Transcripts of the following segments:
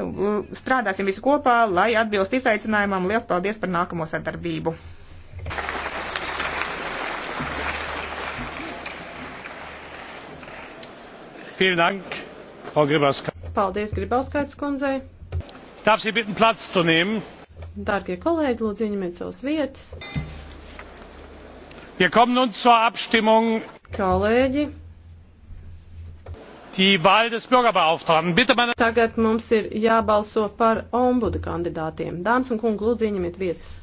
Mm, strādāsim visi kopā, lai atbilst izaicinājumam. Lielas paldies par nākamo sadarbību! Paldies, Gribauskaits kundzei. Darf Sie bitten, Platz zu nehmen? Dārgie kolēģi, lūdzu ieņemiet savas vietas. Wir kommen nun zur Abstimmung. Kolēģi, Tagad mums ir jābalso par ombudu kandidātiem. Dāns un kungi, lūdzu, ieņemiet vietas.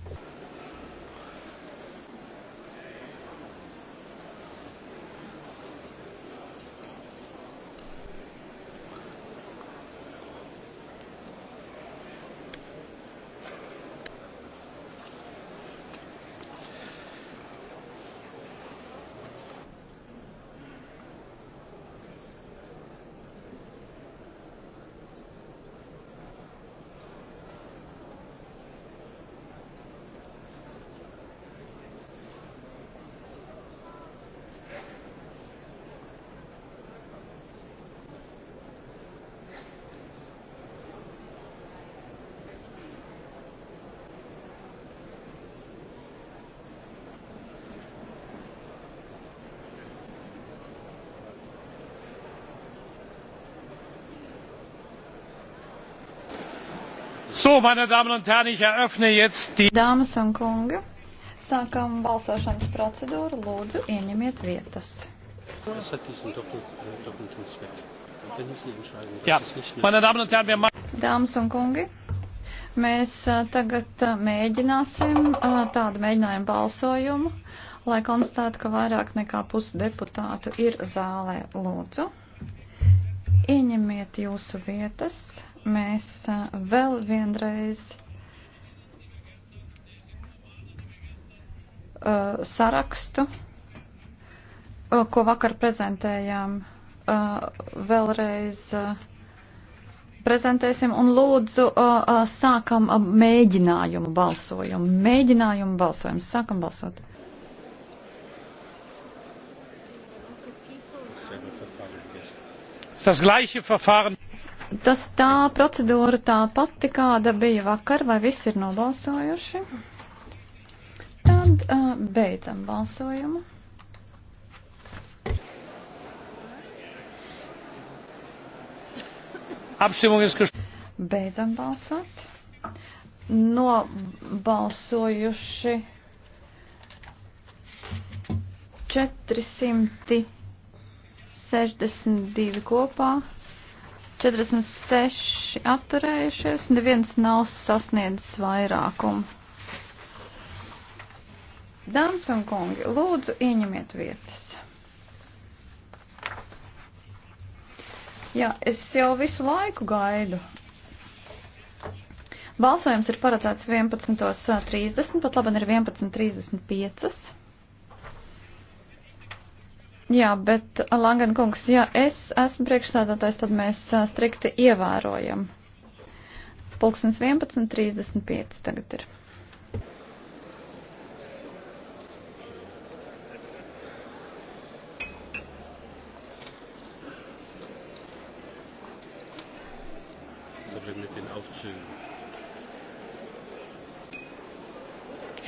So, meine Damen und Herren, ich eröffne jetzt die. Dāmas un kungi, sākam balsošanas procedūru. Lūdzu, ieņemiet vietas. Das hat diesen doppelten doppelt Zweck. Wenn Sie entscheiden, das ja. ist nicht mehr. Meine Damen und Herren, wir machen. Dāmas un kungi, mēs tagad mēģināsim tādu mēģinājumu balsojumu, lai konstatētu, ka vairāk nekā pusi deputātu ir zālē. Lūdzu, ieņemiet jūsu vietas mēs vēl vienreiz sarakstu, ko vakar prezentējām, vēlreiz prezentēsim un lūdzu sākam mēģinājumu balsojumu. Mēģinājumu balsojumu. Sākam balsot. Das gleiche Verfahren. Tas tā procedūra tā pati, kāda bija vakar, vai visi ir nobalsojuši? Tad uh, beidzam balsojumu. Beidzam balsot. Nobalsojuši 462 kopā. 46 atturējušies, neviens nav sasniedzis vairākumu. Dāmas un kungi, lūdzu, ieņemiet vietas. Jā, es jau visu laiku gaidu. Balsojums ir paredzēts 11.30, pat labi ir 11.35. Jā, bet Langan kungs, ja es esmu priekšsādātājs, tad mēs strikti ievērojam. Pulksnes 11.35 tagad ir.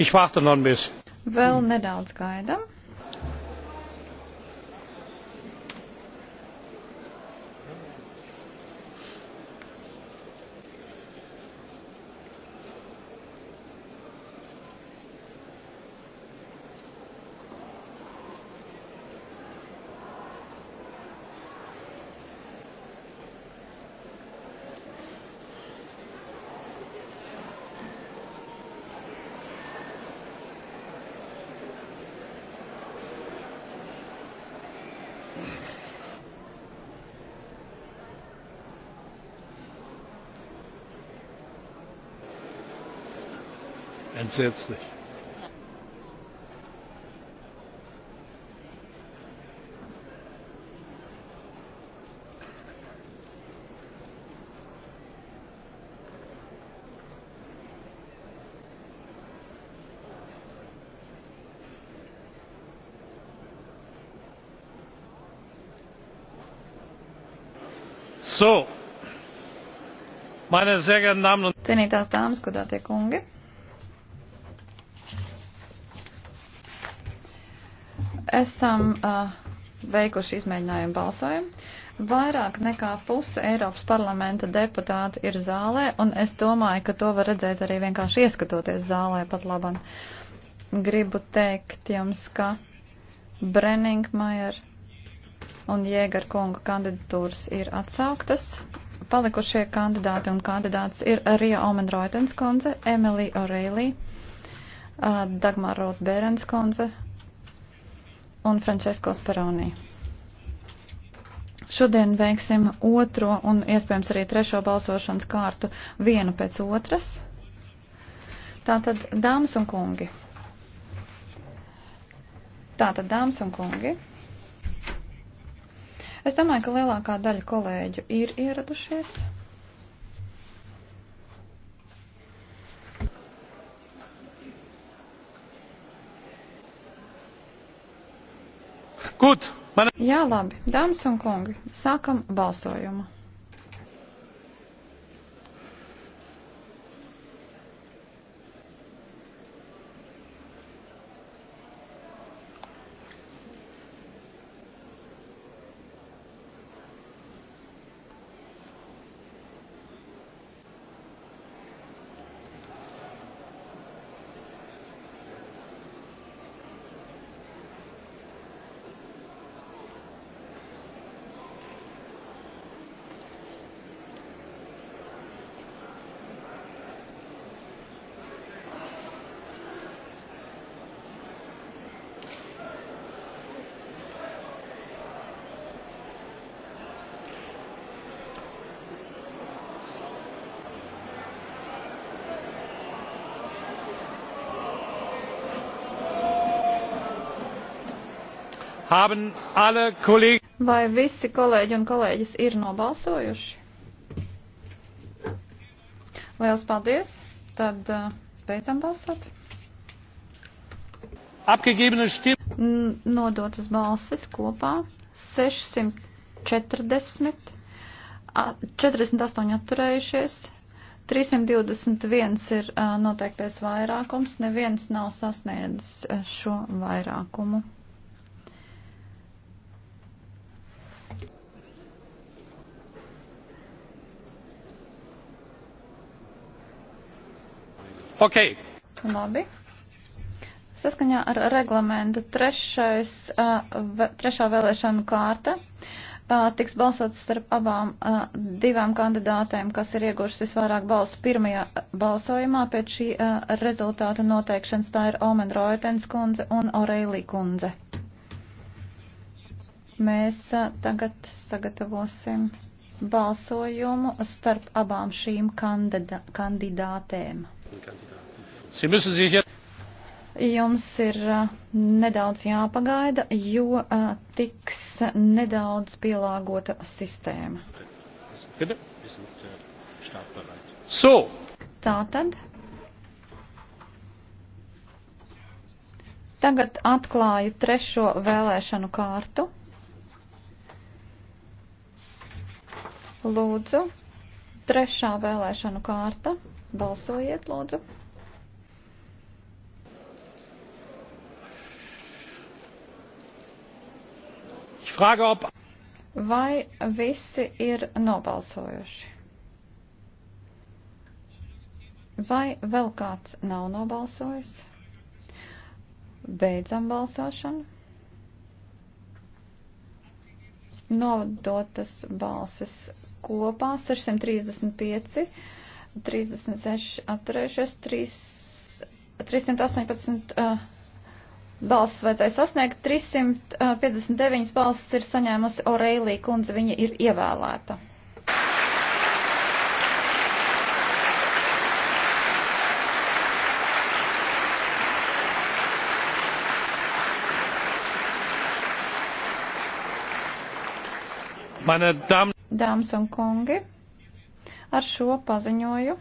Ich warte noch ein bisschen. Vēl nedaudz gaidam. ganz herzlich. So, meine sehr geehrten Damen und Cienītās dāmas, godātie kungi! esam uh, veikuši izmēģinājumu balsojumu. Vairāk nekā puse Eiropas parlamenta deputāti ir zālē, un es domāju, ka to var redzēt arī vienkārši ieskatoties zālē pat laban. Gribu teikt jums, ka Brenningmajer un Jēgar kunga kandidatūras ir atsauktas. Palikušie kandidāti un kandidāts ir Rija Omenroitens kundze, Emilija O'Reilly, uh, Dagmar Rot Bērens kundze un Francesko Speronī. Šodien veiksim otro un iespējams arī trešo balsošanas kārtu vienu pēc otras. Tātad, dāmas un kungi. Tātad, dāmas un kungi. Es domāju, ka lielākā daļa kolēģu ir ieradušies. Gut, man... Jā, labi, dāmas un kungi, sākam balsojumu. haben alle Kollegen. Vai visi kolēģi un kolēģis ir nobalsojuši? Liels paldies. Tad uh, beidzam balsot. Apgegebene stimmen. Nodotas balsis kopā 640, 48 atturējušies, 321 ir uh, noteiktais vairākums, neviens nav sasniedzis uh, šo vairākumu. Okay. Labi. Saskaņā ar reglamentu trešais, trešā vēlēšanu kārta tiks balsots starp abām divām kandidātēm, kas ir iegušas visvairāk balsu pirmajā balsojumā. Pēc šī rezultāta noteikšanas tā ir Omen Roitens kundze un Orelī kundze. Mēs tagad sagatavosim balsojumu starp abām šīm kandida kandidātēm. Jums ir uh, nedaudz jāpagaida, jo uh, tiks nedaudz pielāgota sistēma. Uh, so. Tātad. Tagad atklāju trešo vēlēšanu kārtu. Lūdzu, trešā vēlēšanu kārta. Balsojiet, lūdzu. Vai visi ir nobalsojuši? Vai vēl kāds nav nobalsojis? Beidzam balsošanu. Nodotas balses kopā 635. 36 atturējušies, 3, 318 uh, balsis vajadzēja sasniegt, 359 balsis ir saņēmusi Orēlī kundze, viņa ir ievēlēta. Dāmas un kungi, Ar šo paziņoju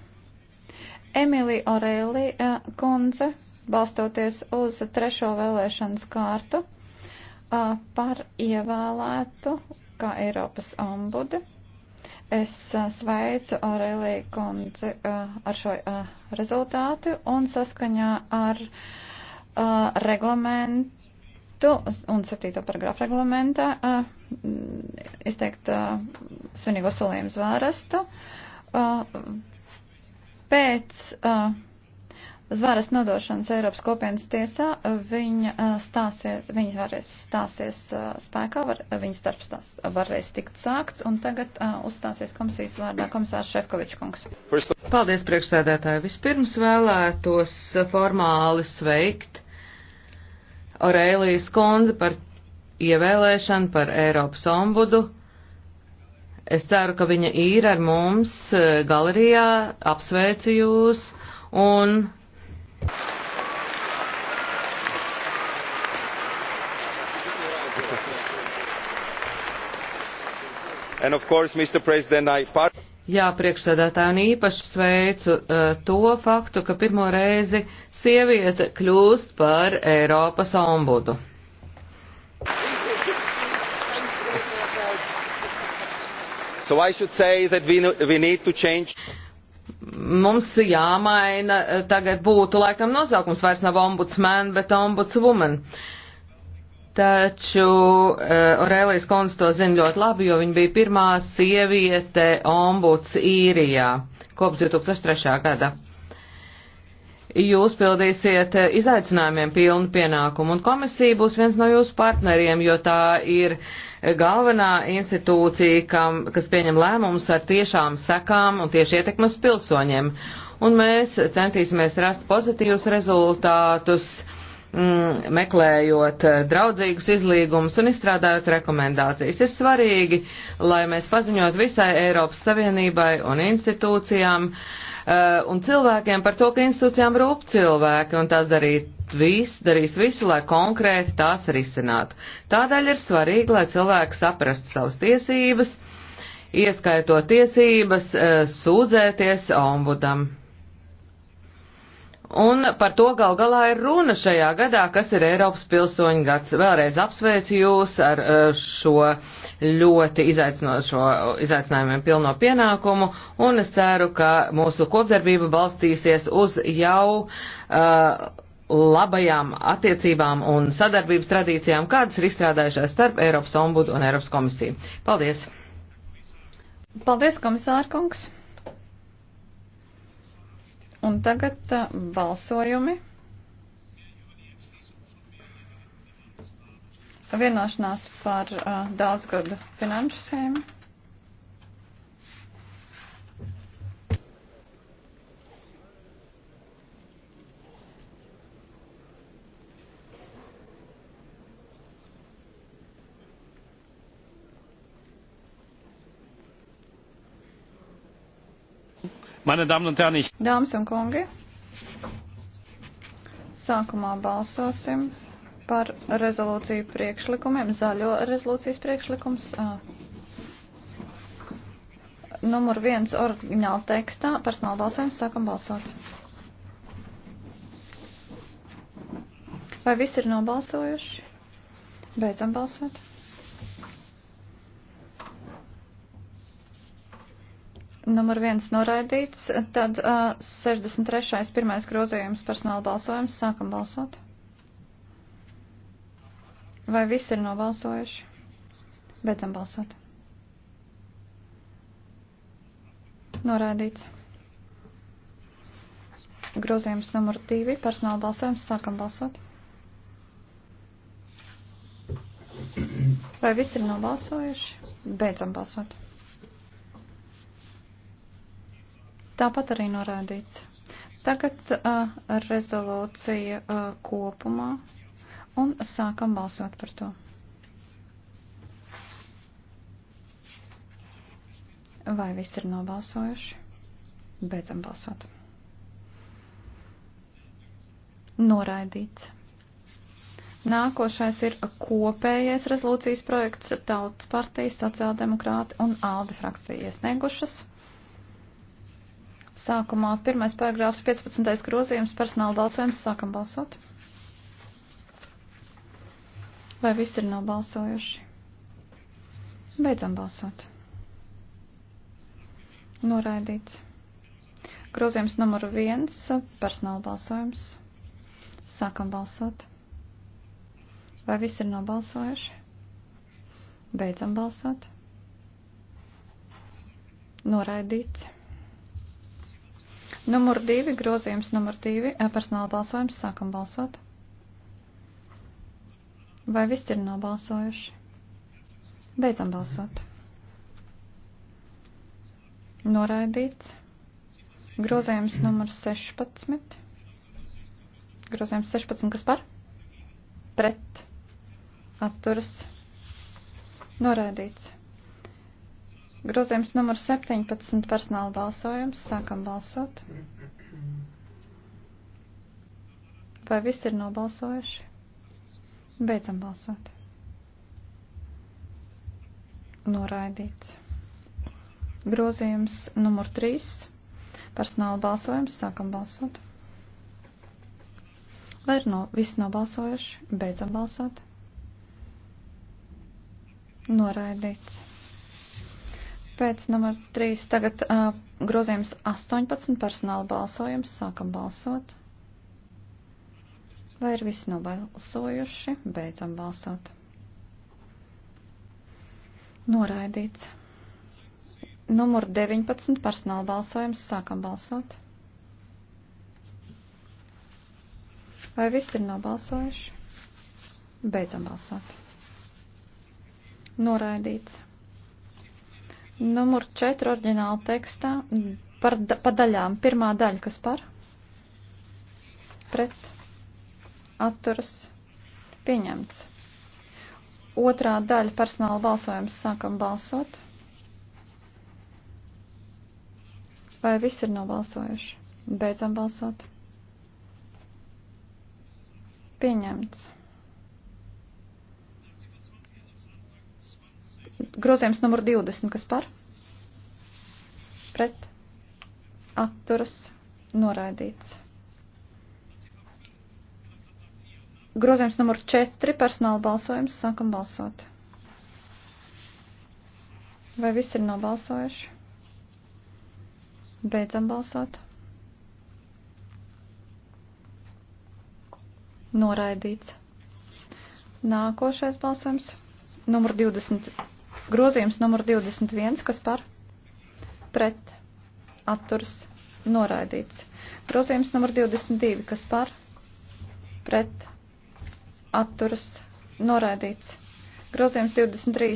Emīlija Orēlī eh, kundze, balstoties uz trešo vēlēšanas kārtu, eh, par ievēlētu kā Eiropas ombudi. Es eh, sveicu Orēlī kundzi ar šo rezultātu un saskaņā ar reglamentu punktu un 7. paragrāfu reglamentā uh, izteikt uh, svinīgo solījumu zvārastu. Uh, Uh, pēc uh, zvaras nodošanas Eiropas kopienas tiesā uh, viņa, stāsies, viņa varēs stāsies spēkā, var, viņas darbs tās varēs tikt sākts, un tagad uzstāsies komisijas vārdā komisārs Šefkovičs kungs. Paldies, priekšsēdētāji. Vispirms vēlētos formāli sveikt Aurēlijas kundzi par ievēlēšanu par Eiropas ombudu Es ceru, ka viņa ir ar mums eh, galerijā, apsveicu jūs un. And of course, Mr. President, I part... Jā, priekšsēdētāji, un īpaši sveicu uh, to faktu, ka pirmo reizi sieviete kļūst par Eiropas ombudu. So I should say that we, we need to change. Mums jāmaina, eh, tagad būtu laikam nosaukums vairs nav ombudsman, bet ombudswoman. Taču uh, eh, Aurēlijas kundze to zina ļoti labi, jo viņa bija pirmā sieviete ombuds īrijā kopš 2003. gada jūs pildīsiet eh, izaicinājumiem pilnu pienākumu, un komisija būs viens no jūsu partneriem, jo tā ir uh, galvenā institūcija, kam, kas pieņem lēmumus ar tiešām sekām un tieši ietekmas pilsoņiem. Un mēs centīsimies rast pozitīvus rezultātus, mm, meklējot eh, draudzīgus izlīgumus un izstrādājot rekomendācijas. Ir svarīgi, lai mēs paziņot visai Eiropas Savienībai un institūcijām uh, un cilvēkiem par to, ka institūcijām rūp cilvēki un tās darīt visu, darīs visu, lai konkrēti tās risinātu. Tādēļ ir svarīgi, lai cilvēki saprastu savas tiesības, ieskaitot tiesības eh, sūdzēties ombudam. Un par to gal galā ir runa šajā gadā, kas ir Eiropas pilsoņu gads. Vēlreiz apsveicu jūs ar eh, šo ļoti izaicinošo izaicinājumiem pilno pienākumu, un es ceru, ka mūsu kopdarbība balstīsies uz jau uh, labajām attiecībām un sadarbības tradīcijām, kādas ir izstrādājušās starp Eiropas ombudu un Eiropas komisiju. Paldies! Paldies, komisārkungs! Un tagad uh, balsojumi. Vienošanās par uh, daudzgadu finanšu schēmu. Meine Damen un Herren, ich... Dāmas un kungi, sākumā balsosim par rezolūciju priekšlikumiem, zaļo rezolūcijas priekšlikums. Numur viens oriģināla tekstā, personāla balsojums, sākam balsot. Vai visi ir nobalsojuši? Beidzam balsot. numur viens noraidīts, tad uh, 63. pirmais grozījums personāla balsojums. Sākam balsot. Vai visi ir nobalsojuši? Beidzam balsot. Noraidīts. Grozījums numur divi personāla balsojums. Sākam balsot. Vai visi ir nobalsojuši? Beidzam balsot. Tāpat arī norādīts. Tagad uh, rezolūcija uh, kopumā un sākam balsot par to. Vai viss ir nobalsojuši? Beidzam balsot. Noraidīts. Nākošais ir kopējais rezolūcijas projekts Tautas partijas, sociāldemokrāti un ALDE frakcija iesniegušas. Sākumā pirmais paragrāfs 15. grozījums personāla balsojums. Sākam balsot. Vai visi ir nobalsojuši? Beidzam balsot. Noraidīts. Grozījums numur viens - personāla balsojums. Sākam balsot. Vai visi ir nobalsojuši? Beidzam balsot. Noraidīts. Numur divi, grozījums numur divi, eh, personāla balsojums, sākam balsot. Vai viss ir nobalsojuši? Beidzam balsot. Noraidīts. Grozējums numurs 16. Grozējums 16, kas par? Pret. Atturas. Noraidīts. Grozījums numur 17 personāla balsojums. Sākam balsot. Vai viss ir nobalsojuši? Beidzam balsot. Noraidīts. Grozījums numur 3 personāla balsojums. Sākam balsot. Vai ir no, viss nobalsojuši? Beidzam balsot. Noraidīts pēc numur 3. Tagad uh, grozījums 18 personāla balsojums. Sākam balsot. Vai ir visi nobalsojuši? Beidzam balsot. Noraidīts. Numur 19 personāla balsojums. Sākam balsot. Vai viss ir nobalsojuši? Beidzam balsot. Noraidīts. Numur 4 oriģināla tekstā par, pa daļām. Pirmā daļa, kas par? Pret. Atturas. Pieņemts. Otrā daļa personāla balsojums. Sākam balsot. Vai viss ir nobalsojuši? Beidzam balsot. Pieņemts. Grozījums numur 20, kas par? pret atturas noraidīts. Grozījums numur 4 personāla balsojums. Sākam balsot. Vai viss ir nobalsojuši? Beidzam balsot. Noraidīts. Nākošais balsojums. Numur 20. Grozījums numur 21. Kas par? pret atturs noraidīts. Grozījums numur 22, kas par pret atturs noraidīts. Grozījums 23,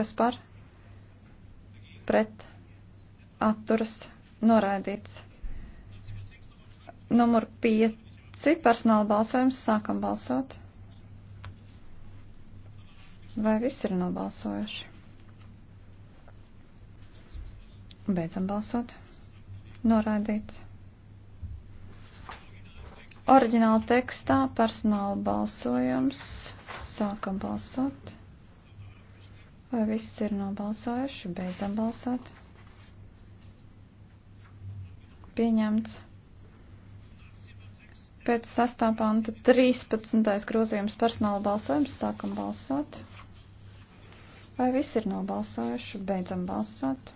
kas par pret atturs noraidīts. Numur 5, personāla balsojums, sākam balsot. Vai visi ir nobalsojuši? Beidzam balsot. Norādīts. Oriģināla tekstā personāla balsojums. Sākam balsot. Vai viss ir nobalsojuši? Beidzam balsot. Pieņemts. Pēc sastā panta 13. grozījums personāla balsojums. Sākam balsot. Vai viss ir nobalsojuši? Beidzam balsot.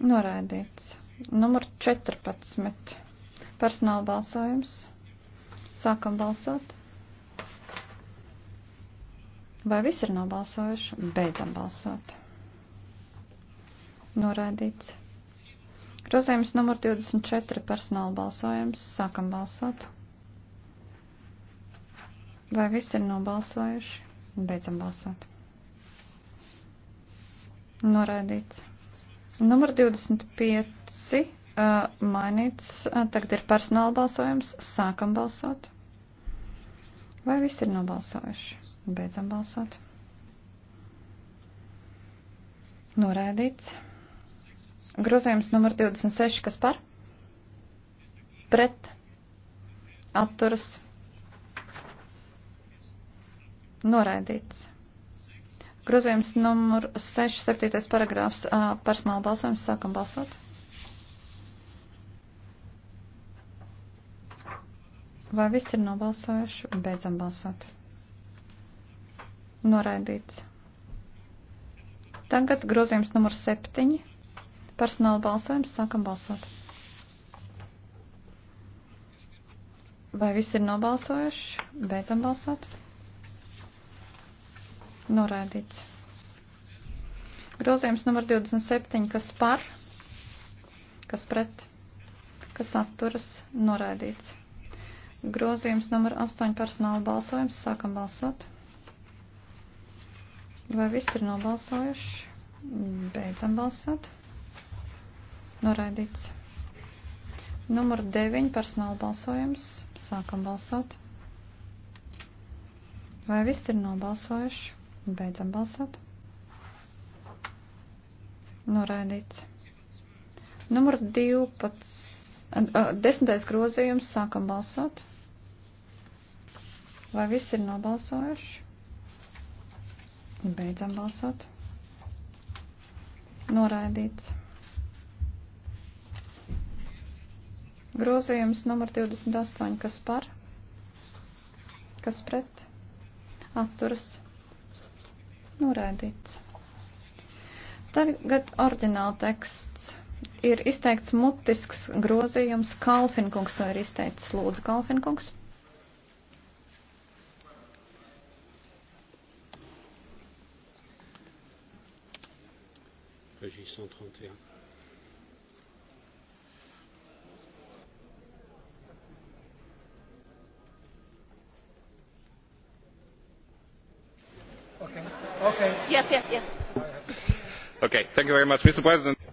Noraidīts. Numur 14. Personāla balsojums. Sākam balsot. Vai viss ir nobalsojuši? Beidzam balsot. Noraidīts. Grozījums numur 24. Personāla balsojums. Sākam balsot. Vai viss ir nobalsojuši? Beidzam balsot. Noraidīts. Numur 25 uh, mainīts. Uh, tagad ir personāla balsojums. Sākam balsot. Vai viss ir nobalsojuši? Beidzam balsot. Noraidīts. Grozījums numur 26, kas par? Pret. Atturas. Noraidīts. Grozījums numur 6, 7. paragrāfs personāla balsojums. Sākam balsot. Vai viss ir nobalsojuši? Beidzam balsot. Noraidīts. Tagad grozījums numur 7. Personāla balsojums. Sākam balsot. Vai viss ir nobalsojuši? Beidzam balsot. Norādīts. Grozījums numur 27, kas par, kas pret, kas atturas, norādīts. Grozījums numur 8, personāla balsojums, sākam balsot. Vai viss ir nobalsojuši? Beidzam balsot. Norādīts. Numur 9, personāla balsojums, sākam balsot. Vai viss ir nobalsojuši? Beidzam balsot. Noraidīts. Numur 12. Desmitais grozījums. Sākam balsot. Vai viss ir nobalsojuši? Beidzam balsot. Noraidīts. Grozījums numur 28. Kas par? Kas pret? Atturas Norēdīts. Tagad oriģināla teksts. Ir izteikts mutisks grozījums. Kalfinkungs to ir izteicis. Lūdzu, Kalfinkungs. Régis 131. yes, yes. Okay, much,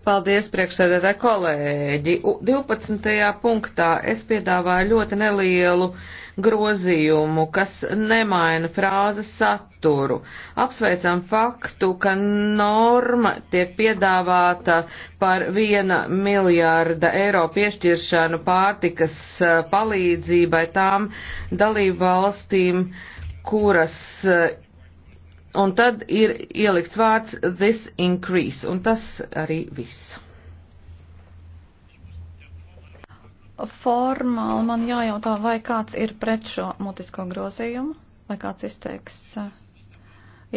Paldies, priekšsēdētāji kolēģi. 12. punktā es piedāvāju ļoti nelielu grozījumu, kas nemaina frāzes saturu. Apsveicam faktu, ka norma tiek piedāvāta par viena miljārda eiro piešķiršanu pārtikas eh, palīdzībai tām dalību valstīm, kuras eh, un tad ir ielikts vārds this increase, un tas arī viss. Formāli man jājautā, vai kāds ir pret šo mutisko grozījumu, vai kāds izteiks eh,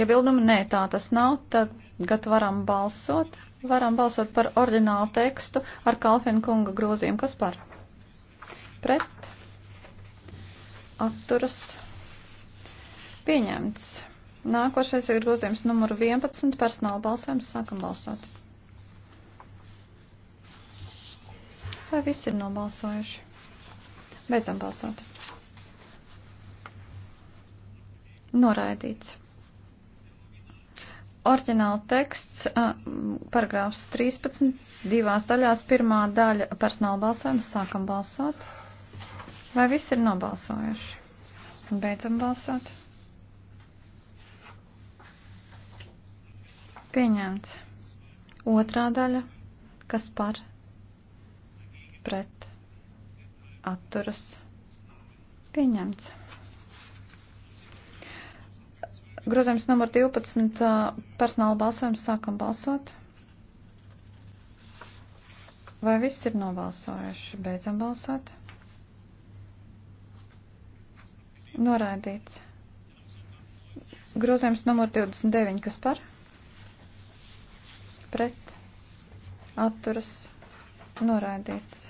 iebildumu. Nē, tā tas nav. Tagad varam balsot. Varam balsot par orģinālu tekstu ar Kalfina kunga grozījumu. Kas par? Pret. Atturas. Pieņemts. Nākošais ir grozījums numuru 11 personāla balsojums. Sākam balsot. Vai visi ir nobalsojuši? Beidzam balsot. Noraidīts. Orģināla teksts, paragrāfs 13, divās daļās, pirmā daļa personāla balsojums, sākam balsot. Vai visi ir nobalsojuši? Beidzam balsot. Pieņemts. Otrā daļa, kas par pret atturas. Pieņemts. Grozījums numur 12. Personāla balsojums sākam balsot. Vai viss ir nobalsojuši? Beidzam balsot. Noraidīts. Grozījums numur 29. Kas par? pret atturas noraidīts.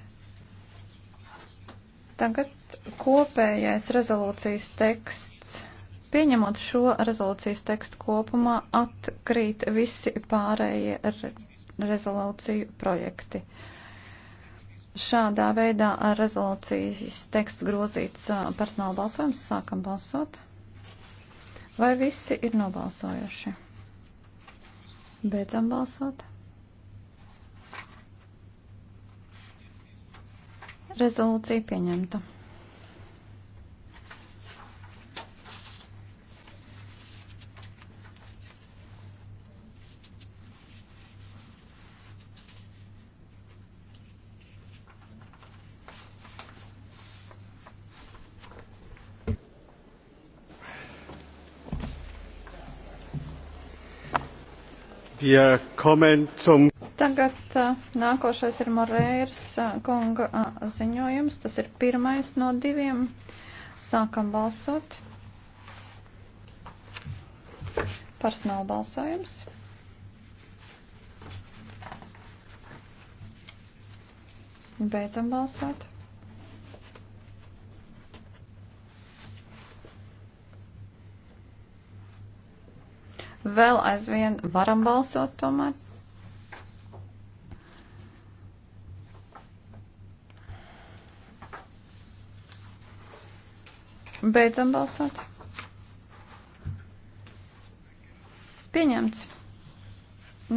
Tagad kopējais rezolūcijas teksts. Pieņemot šo rezolūcijas tekstu kopumā, atkrīt visi pārējie re rezolūciju projekti. Šādā veidā ar rezolūcijas tekstu grozīts personāla balsojums sākam balsot. Vai visi ir nobalsojuši? Beidzam balsot. Rezolūcija pieņemta. Tagad nākošais ir Morēras kunga ziņojums. Tas ir pirmais no diviem. Sākam balsot. Personāla balsojums. Beidzam balsot. Vēl aizvien varam balsot tomēr. Beidzam balsot. Pieņemts.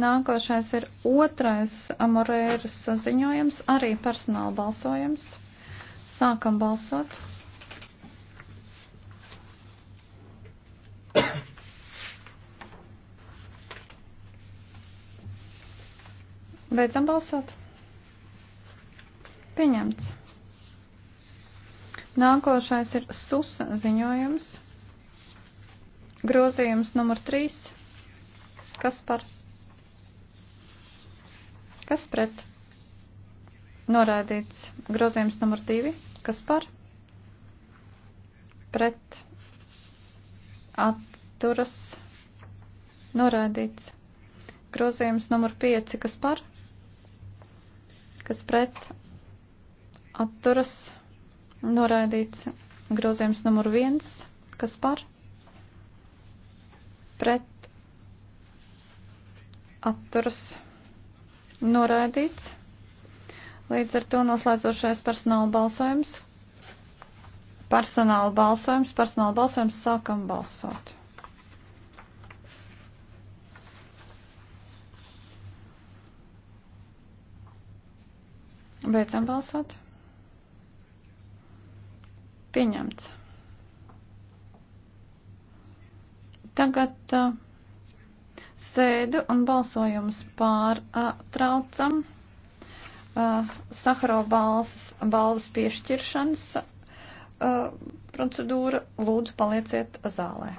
Nākošais ir otrais amorēras saziņojums, arī personāla balsojums. Sākam balsot. Beidzam balsot. Pieņemts. Nākošais ir susa ziņojums. Grozījums numur 3. Kas par? Kas pret? Noraidīts. Grozījums numur 2. Kas par? Pret. Atturas. Noraidīts. Grozījums numur 5. Kas par? kas pret atturas noraidīts grozījums numur viens, kas par pret atturas noraidīts. Līdz ar to noslēdzošais personāla balsojums. Personāla balsojums, personāla balsojums sākam balsot. Beidzam balsot. Pieņemts. Tagad uh, sēdu un balsojumus pārtraucam. Uh, uh, Sahara balsas, balvas piešķiršanas uh, procedūra. Lūdzu, palieciet zālē.